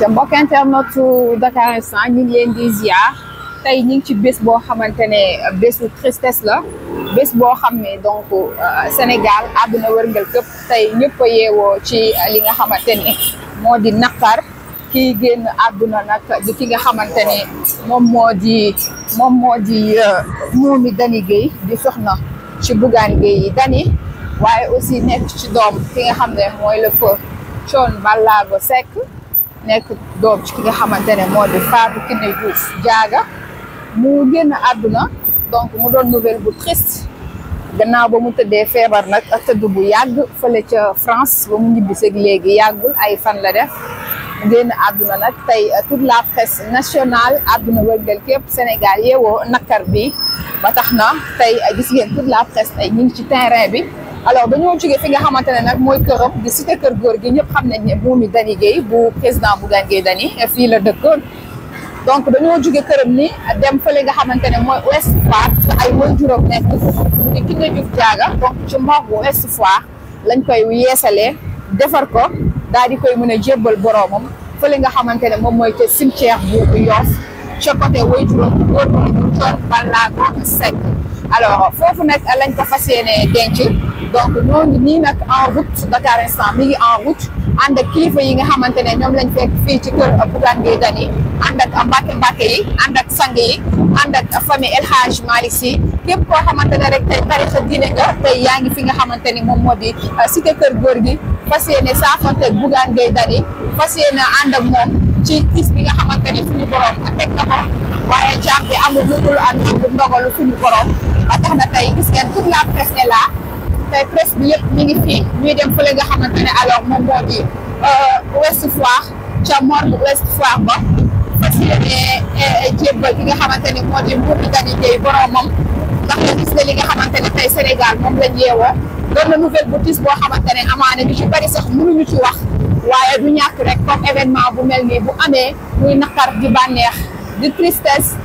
ca mbokk internetu Dakar Instant ñu leen di ziar tey ñu ci bés boo xamante ne bésu tristesse la bés boo xam ne donc euh, Sénégal àdduna wërngal këpp tey ñëpp a yeewoo ci li nga xamante moo di naqar kii génn àdduna nag di ki nga xamante ne moom moo di moom moo di euh, moomi Dany Gueye di soxna ci Bougane Gueye yi Dany waaye aussi nekk ci doom ki nga xam ne mooy le feu Thione Ballago Seck nekk doom ci ki nga xamante ne moo di Fatou Kiné Diouf Diaga mu génn àdduna donc mu doon nouvelle bu triste gannaaw ba mu tëddee feebar nag tëdd bu yàgg fële ca France ba mu ñibbisee léegi yàggul ay fan la def génn àdduna nag tey euh, tout la presse national àdduna wërgal képp Sénégal yeewoo nakar bi ba tax na tey gis ngeen toute la presse tey ñu ci terrain bi alors dañoo jógee fi nga xamante ne nag mooy këram di cité kër góor gi ñëpp xam nañ ne Momy Dany Guèye bu président Bougane Guèye Dany fii la dëkk donc dañoo jóge këram ni dem fële nga xamante ne mooy Ouest Foire ay waajuram nekk di Kiné Diouf Diaga donc ci mbokk Ouest Foire lañ koy yeesalee defar ko daal koy mëna jébal boromam fële nga xamante ne moom mooy te cimetière bu yoss ci côté wayturam bu ko ko bu Thione Ballago alors fofu nag lañ ko fas yéene denc donc ñoo ni nak en route Dakar instant mi ngi en route ànd ak kilifa yi nga xamante ne ñoom lañ fekk fi ci kër ak bugan ngey dani ànd ak Mbàkke Mbàkke yi ànd ak sang yi ànd ak famille El Hadj malik si képp koo xamante ne rek tey pare sa diine nga tey yaa ngi fi nga xamante moom moo di uh, cité kër góor gi fas yéene saafante ak Bougane Gueye Dany fas yéene moom ci tiis bi nga xamante ni suñu a ba tax na tey gis ngeen toute la presse est là tey presse bi yëpp mi ngi fii ñuy dem fële nga xamante ne moom moo di uh, Ouest Foire ca morgue Ouest Foire ba fas yéene eh, eh, jébbal bi nga xamante ni moo di Bougane Gueye boromam ndax ne gis nga li nga xamante ne tey Sénégal moom lañ yeewoo doon nouvelle bu boo xamante ne amaana bi ci bari sax mënuñu ci wax waaye du ñàkk rek comme événement bu mel nii bu amee muy naqar di bànneex di tristesse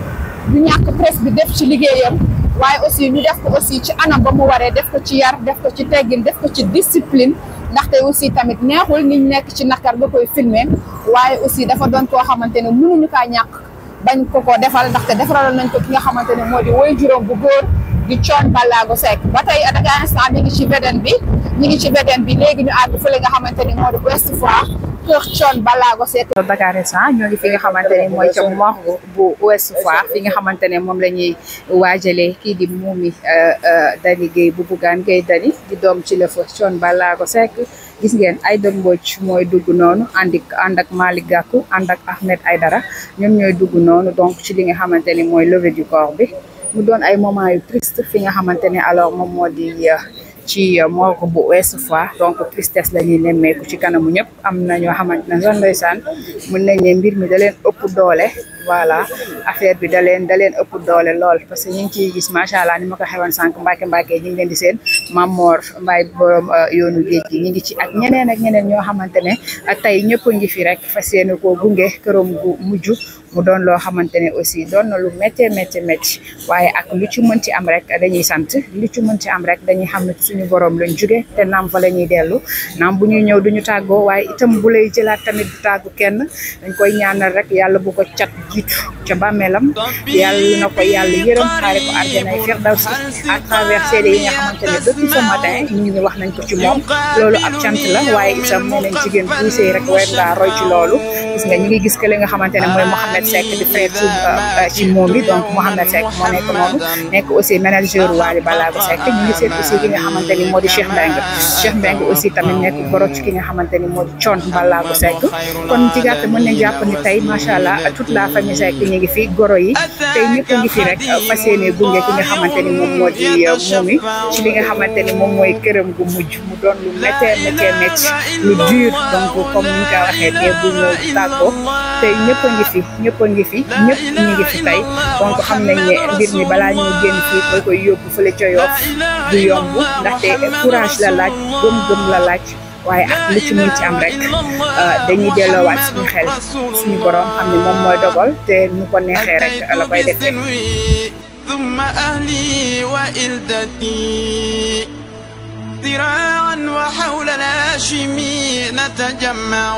du ñàkk presse bi def ci liggéeyam waaye aussi ñu def ko aussi ci anam ba mu waree def ko ci yar def ko ci teggin def ko ci discipline ndaxte aussi tamit neexul niñ nekk ci naqar nga koy filmer waaye aussi dafa doon koo xamante ne mënuñu kaa ñàkk bañ ko ko defal ndaxte defaraloon nañ ko ki nga xamante ne di woy juróom bu góor di coon ballaago Seck ba tey à Dakar instant ngi ci VDN bi ñu ngi ci VDN bi léegi ñu àgg fële nga xamante ni moo di Ouest Foire kër coon ballaago Seck Dakar ñoo ngi fi nga xamante ne mooy ca morgue bu Ouest Foire fi nga xamante ne moom la ñuy waajalee kii di Momy euh, euh, Dany Guèye bu Bougane Guèye di doom ci la fa coon ballaago Seck gis ngeen Aïda Mbodj mooy dugg noonu àndi ànd ak Malick Gakou ànd ak Ahmed Aïdara ñoom ñooy dugg noonu donc ci li nga xamante ni mooy levée du corps bi mu doon ay moment yu triste fi nga xamante ni alors moom moo di euh, ci euh, morgue bu weesu fois donc tristesse la ñuy nemmeeku ci kanamu ñëpp am na ñoo xamante ne sax ndeysaan mun nañ ne mbir mi da leen ëpp doole voilà affaire bi da leen da leen ëpp doole lool parce que ñu ngi ciy gis macha allah ma ko xewoon sànq mbàkke mbàkke ñu ngi leen di seen Mamor Mbaye borom euh, yoonu géej gi ñu ngi ci ak ñeneen ak ñeneen ñoo xamante ne tey ñëpp ngi fi rek fas yéene koo gunge këram gu mujj mu doon loo xamante ne aussi doon na lu méttee métti waaye ak lu ci ci am rek dañuy sant lu ci mënti am rek dañuy xam ne suñu borom lañ jóge te la ñuy dellu naam bu ñuy ñëw duñu tàggoo waaye itam bu lay jëlaat tamit du tàggu kenn dañ koy ñaanal rek yàlla bu ko cat jiitu ca bàmmeelam yàlla na ko yàlla yërëm xaare ko àjjana firdawsi à travers seede yi nga xamante ne depuis ce ñu ngi wax nañ ko ci moom loolu ab cant la waaye itam nee nañ jigéen bu sëy rek weer ngaa roy ci loolu gis nga ñu ngi gis que li nga xamante ne Mohamed ah, di frère euh, euh, ci ci moom bi donc Mohamed Seck moo nekk noonu nekk aussi manager Wally Balago Seck ñu ngi seet aussi ki nga xamante ni moo di Cheikh Mbengue Cheikh Mbengue aussi tamit nekk goro ki nga ni moo di Balago Seck kon ci gàtt mën nañ jàpp ni tey macha allah toute la famille Seck ñu ngi fi goro yi tey ñëpp ngi fi rek fas yéene ki nga xamante ni moom moo di euh, ci li nga ni moom mooy gu mujj mu doon lu méttee méttee métti lu dur donc comme ni nga ko waxee bu ñu ko tey ñëpp a ngi fi ñëpp a ngi fi ñëpp ngi fi tey donc xam nañ ne mbir mi balaa ñoo génn fii koy koy yóbbu fële ca Yoff du yomb ndaxte courage la laaj gëm-gëm la laaj waaye ak lu ci mën ci am rek euh, dañuy delloowaat suñu xel suñu borom xam ne moom mooy dogal te nu ko neexee rek la koy defee. ثم أهلي وإلدتي ذراعا وحول الهاشمي نتجمع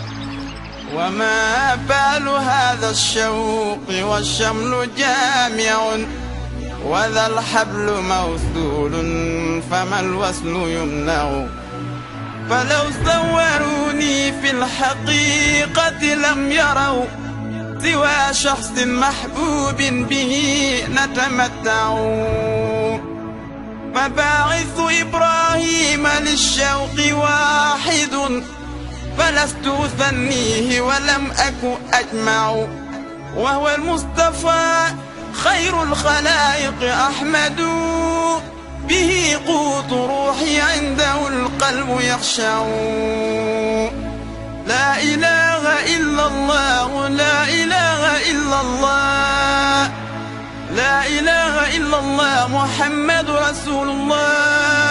وما بال هذا الشوق والشمل جامع وذا الحبل موصول فما الوصل يمنع فلو صوروني في الحقيقة لم يروا سوى شخص محبوب به نتمتع مباعث إبراهيم للشوق واحد فلست أثنيه ولم أك أجمع وهو المصطفى خير الخلائق أحمد به قوت روحي عنده القلب يخشع لا إله إلا الله لا إله إلا الله لا إله إلا الله محمد رسول الله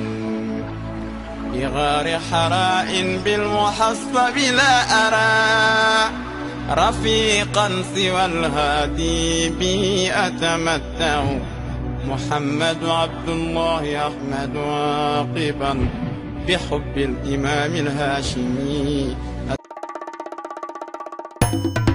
بغار حراء بالمحصب لا أرى رفيقا سوى الهادي بي أتمتع محمد عبد الله أحمد واقبا بحب الإمام الهاشمي Thank you.